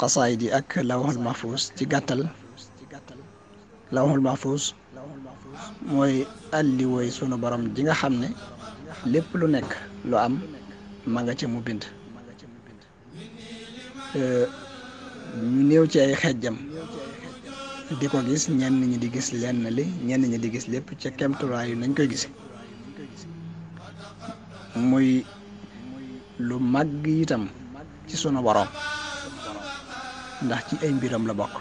xasaayid yi ak lawhul mahfuus ci gàttal lawhul mahfuus mooy àlli woy sunu borom ji nga xam ne lépp lu nekk lu am ma nga ca mu bind euh, ñu néew ci ay xejjam di ko gis ñenn ñi di gis lenn li ñenn ñi di gis lépp ca kemtulaayu nañ koy gise muy lu màgg itam ci sunu borom ndax ci ay mbiram la bokk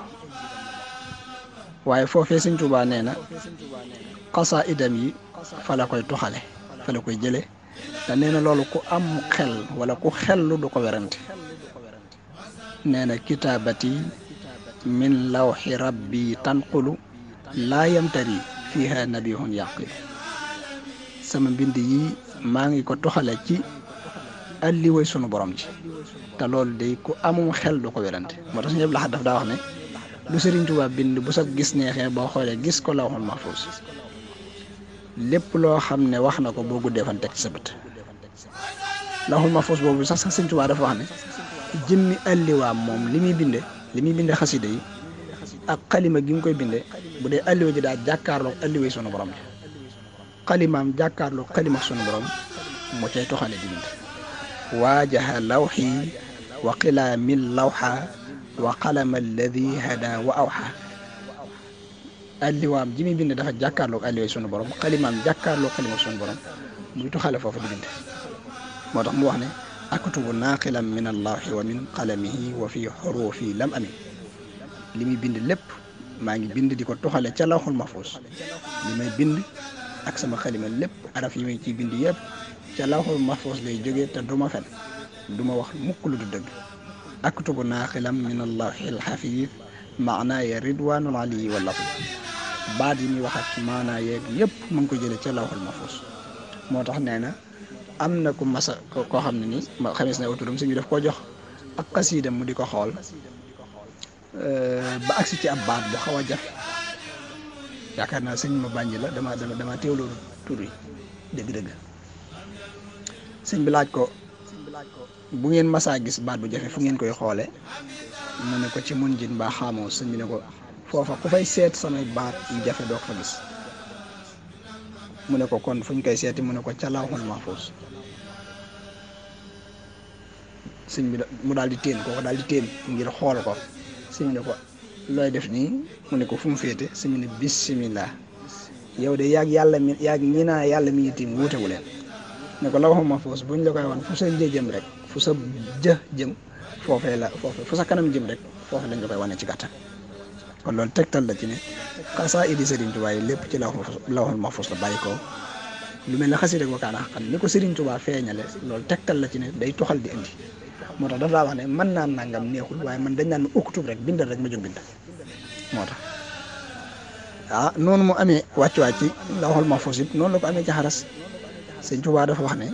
waaye foofee sëñ Tuubaa nee na xasaa idam yi fa koy toxale fala koy jële te nee na loolu ku am xel wala ku xellu du ko werante nee na kitaabati min lawxi rabbi tanqulu laa yamtari fiiha nabihun yaqilu sama mbind yi maa ngi ko tuxale ci alliway sunu borom ci te loolu day ku amum xel du ko werante moo tax ñëpp laxat daf daa wax ne lu Serigne Touba bind bu sa gis neexee boo xoolee gis ko lawhul mahfuz lépp loo xam ne wax na ko boo guddee fan teg ci sa bët lawhul mahfuz boobu sax sax Serigne Touba dafa wax ne jëmmi alliwaam moom li muy binde li muy binde xasida yi ak xalima gi mu koy bindee bu dee alliwa ji daal jàkkaarloo alliway sunu borom ji xalimaam jàkkaarloo xalima sunu borom moo cay toxale di bind waajaha lawxi wa qilaami lawxa wa qalama alladi wa awxa alliwaam ji muy bind dafa jàkkaarloog alliway sunu borom xalimaam jàkkaarloog xalima sunu borom muy tuxale foofu di bind moo tax mu wax ne aktubu naaqilan min allawxi wa min qalamihi wa fi xuruufi lam amin li muy bind lépp maa ngi bind di ko tuxale ca lawxul mahfuus li may bind ak sama xalima lépp araf yi may ciy bind yëpp ci lawxul mahfuus lay joge te duma fet duma wax mukk lu du dëgg aktubu naaxilam min allahi hafiz maanaa ya ridwanul aliyi wa latif baat yi muy wax ak maana yeeg yépp mang ko jele ci lawxul mahfuus motax neena amna ku masa koo xam ni xamis na uturam suñu def ko jox ak qasida mu di xol ba aksi ci ab baat bu xawa jaf yakarna yaakaar naa sëñ ma bànj dama dama dama teewloo turu deug deug sëñ bi laaj ko bu ngeen masaa gis baat bu jafe fu ngeen koy xoolee mu ne ko ci mun jin mbaa xaamoo sëñ ne ko foofa ku fay seet samay baat yu jafe doog fa gis mu ne ko kon fu ñu koy seeti mu ne ko ca lawxul mahfuus sëñ bi mu daal di téen daal di téen ngir xool ko sëñ ne ko looy def nii mu ne ko fu mu féete sëñ bi ne bisimilah yow de yaag yàlla mi yaag ñi naa yàlla mi ngi tiim wuute wu leen ne ko lawhul mahfuus buñ la koy wan fu sa jë jëm rek fu sa jë jëm foofee la foofee fu sa kanam jëm rek foofe lañ la koy wane ci gàttal kon lool tegtal la ci ne xasaayid yi Serigne Touba yi lépp ci la lawhul mahfuus la bàyyi ko lu mel ne xasida ko kaana xam ni ko Serigne Touba feeñale lool tegtal la ci ne day toxal di indi moo tax daf daa wax ne mën naa nangam neexul waaye man dañ naan ma uktub rek bindal rek ma jóg bind moo tax ah noonu mu amee wàccuwaay ci lawhul mahfuus it noonu la ko amee ci xaras sëñ Tuubaa dafa wax ne